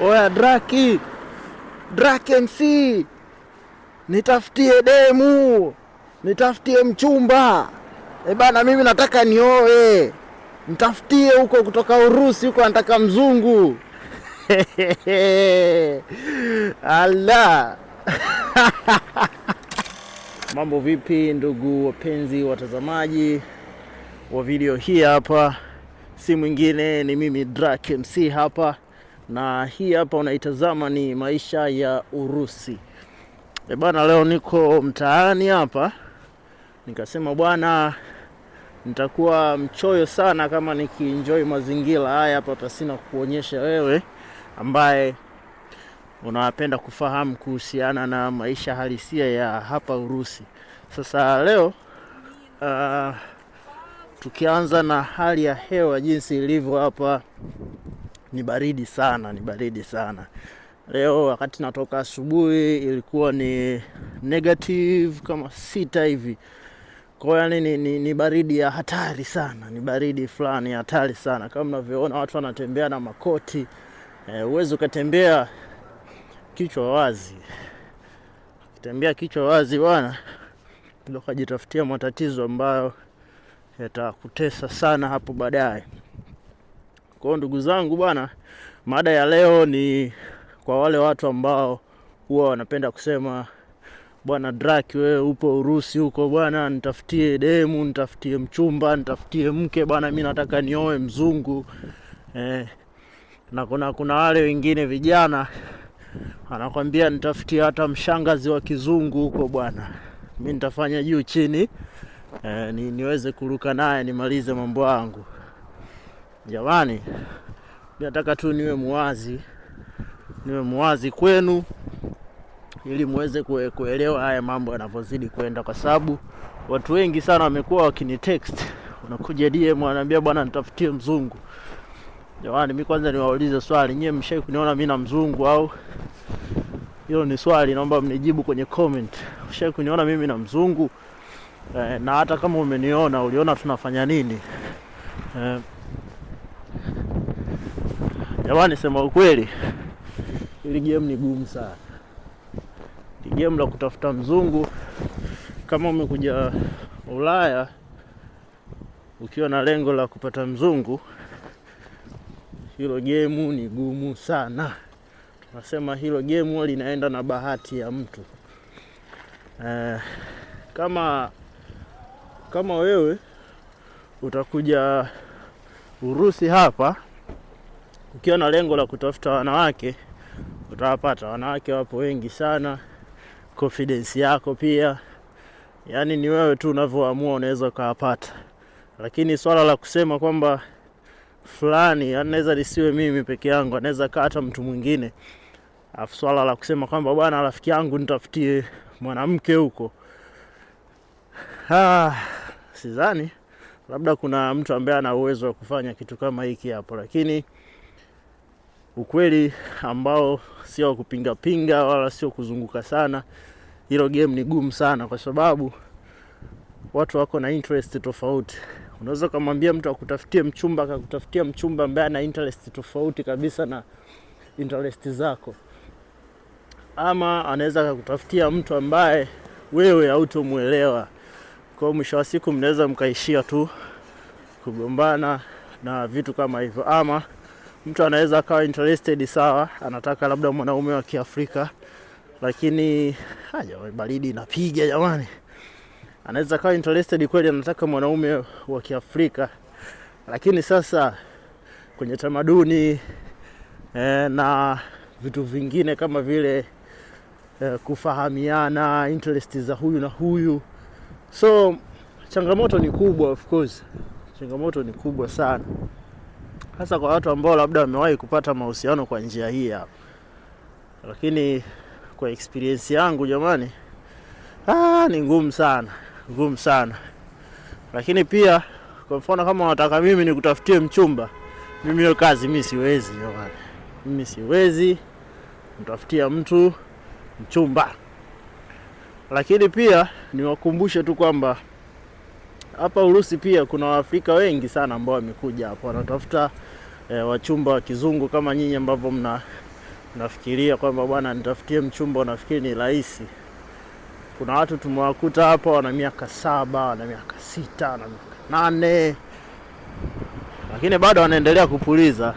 Oya Draki, Draki MC, nitafutie demu, nitafutie mchumba. E bana, mimi nataka nioe, nitafutie huko kutoka Urusi huko, nataka mzungu Allah Mambo vipi, ndugu wapenzi watazamaji wa video hii, hapa si mwingine ni mimi Draki MC hapa na hii hapa unaitazama ni maisha ya Urusi. E bana, leo niko mtaani hapa, nikasema bwana, nitakuwa mchoyo sana kama nikienjoy mazingira haya hapa pasina kukuonyesha wewe ambaye unawapenda kufahamu kuhusiana na maisha halisia ya hapa Urusi. Sasa leo uh, tukianza na hali ya hewa jinsi ilivyo hapa ni baridi sana, ni baridi sana. Leo wakati natoka asubuhi ilikuwa ni negative kama sita hivi. Kwa hiyo yani ni, ni, ni baridi ya hatari sana, ni baridi fulani hatari sana. Kama mnavyoona watu wanatembea na makoti eh, huwezi uwezi ukatembea kichwa wazi. Ukitembea kichwa wazi bwana, ukajitafutia matatizo ambayo yatakutesa sana hapo baadaye. Kwa hiyo ndugu zangu bwana, mada ya leo ni kwa wale watu ambao huwa wanapenda kusema bwana Drake, wewe upo Urusi huko bwana, nitafutie demu, nitafutie mchumba, nitafutie mke bwana, mi nataka nioe mzungu eh, na kuna kuna wale wengine vijana anakwambia nitafutie hata mshangazi wa kizungu huko bwana, mi nitafanya juu chini eh, ni, niweze kuruka naye nimalize mambo yangu. Jamani, nataka tu niwe muwazi, niwe muwazi kwenu ili muweze kue, kuelewa haya mambo yanavyozidi kwenda, kwa sababu watu wengi sana wamekuwa wakini text, unakuja DM wanaambia bwana, nitafutie mzungu. Jamani, mi kwanza niwaulize swali, nyie mshai kuniona mi na mzungu au? Hilo ni swali, naomba mnijibu kwenye comment. Mshai kuniona mimi na mzungu? E, na hata kama umeniona uliona tunafanya nini? E, Jamani, sema ukweli, hili game ni gumu sana. Ni game la kutafuta mzungu. Kama umekuja Ulaya ukiwa na lengo la kupata mzungu, hilo gemu ni gumu sana. Tunasema hilo gemu linaenda na bahati ya mtu eh. Kama kama wewe utakuja Urusi hapa ukiwa na lengo la kutafuta wanawake utawapata. Wanawake wapo wengi sana, confidence yako pia, yani ni wewe tu unavyoamua unaweza ukawapata, lakini swala la kusema kwamba fulani anaweza yaani lisiwe mimi peke yangu, anaweza kaa hata mtu mwingine, afu swala la kusema kwamba bwana, rafiki yangu nitafutie mwanamke huko, ah, sidhani. Labda kuna mtu ambaye ana uwezo wa kufanya kitu kama hiki hapo, lakini ukweli ambao sio wa kupingapinga wala sio kuzunguka sana. Hilo game ni gumu sana, kwa sababu watu wako na interest tofauti. Unaweza ukamwambia mtu akutafutie mchumba akakutafutia mchumba ambaye ana interest tofauti kabisa na interest zako, ama anaweza akakutafutia mtu ambaye wewe hautomwelewa. Kwa hiyo mwisho wa siku mnaweza mkaishia tu kugombana na vitu kama hivyo ama mtu anaweza akawa interested sawa, anataka labda mwanaume wa Kiafrika, lakini haja baridi inapiga jamani, anaweza akawa interested kweli, anataka mwanaume wa Kiafrika, lakini sasa kwenye tamaduni e, na vitu vingine kama vile e, kufahamiana interest za huyu na huyu, so changamoto ni kubwa, of course changamoto ni kubwa sana hasa kwa watu ambao labda wamewahi kupata mahusiano kwa njia hii hapa. Lakini kwa experience yangu jamani, ah, ni ngumu sana, ngumu sana. Lakini pia kwa mfano kama nataka mimi nikutafutie mchumba, mimi hiyo kazi mimi siwezi jamani, mimi siwezi mtafutia mtu mchumba. Lakini pia niwakumbushe tu kwamba hapa Urusi pia kuna Waafrika wengi sana ambao wamekuja hapa wanatafuta e, wachumba wa kizungu kama nyinyi ambavyo mna nafikiria kwamba bwana, nitafutie mchumba nafikiri ni rahisi. Kuna watu tumewakuta hapa wana miaka saba, wana miaka sita, wana miaka nane, lakini bado wanaendelea kupuliza.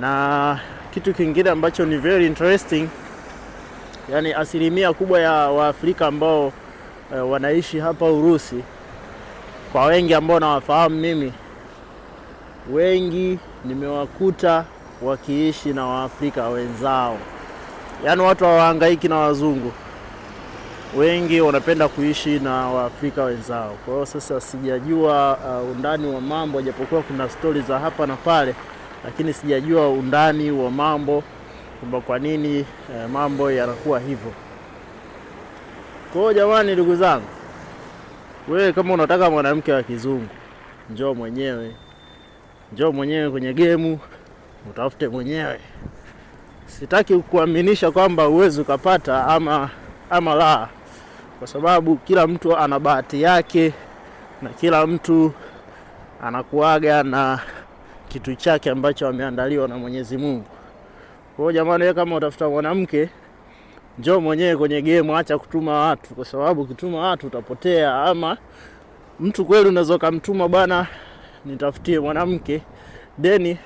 Na kitu kingine ambacho ni very interesting, yani asilimia kubwa ya Waafrika ambao e, wanaishi hapa Urusi, kwa wengi ambao nawafahamu mimi, wengi nimewakuta wakiishi na Waafrika wenzao, yaani watu hawahangaiki na wazungu, wengi wanapenda kuishi na Waafrika wenzao. Kwa hiyo sasa sijajua uh, undani wa mambo, japokuwa kuna stori za hapa na pale, lakini sijajua undani wa mambo kwamba kwa nini uh, mambo yanakuwa hivyo. Kwa hiyo jamani, ndugu zangu, wewe kama unataka mwanamke wa kizungu, njoo mwenyewe, njoo mwenyewe kwenye gemu, utafute mwenyewe. Sitaki kuaminisha kwamba uwezi ukapata ama, ama la, kwa sababu kila mtu ana bahati yake na kila mtu anakuaga na kitu chake ambacho ameandaliwa na Mwenyezi Mungu. Kwa hiyo jamani, wewe kama utafuta mwanamke njoo mwenyewe kwenye game, acha kutuma watu, kwa sababu ukituma watu utapotea. Ama mtu kweli unaweza kumtuma bwana, nitafutie mwanamke deni yeye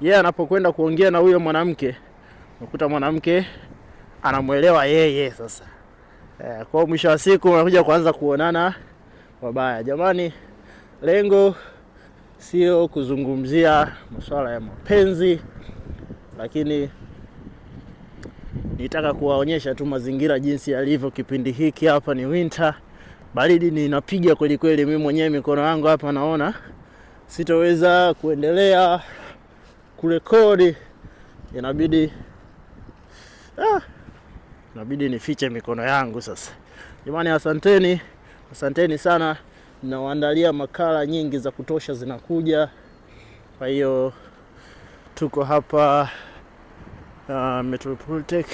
yeah, anapokwenda kuongea na huyo mwanamke unakuta mwanamke anamwelewa yeye sasa. Eh, kwa mwisho wa siku unakuja kuanza kuonana wabaya. Jamani, lengo sio kuzungumzia masuala ya mapenzi, lakini Nitaka kuwaonyesha tu mazingira jinsi yalivyo kipindi hiki. Hapa ni winter, baridi ni inapiga kweli kweli. Mimi mwenyewe mikono yangu hapa naona sitoweza kuendelea kurekodi, inabidi ah, inabidi nifiche mikono yangu sasa. Jamani, asanteni, asanteni sana. Nawaandalia makala nyingi za kutosha zinakuja, kwa hiyo tuko hapa uh, Metropolitech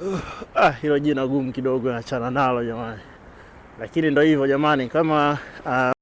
uh, ah, hilo jina gumu kidogo, achana nalo jamani, lakini ndo hivyo jamani, kama uh,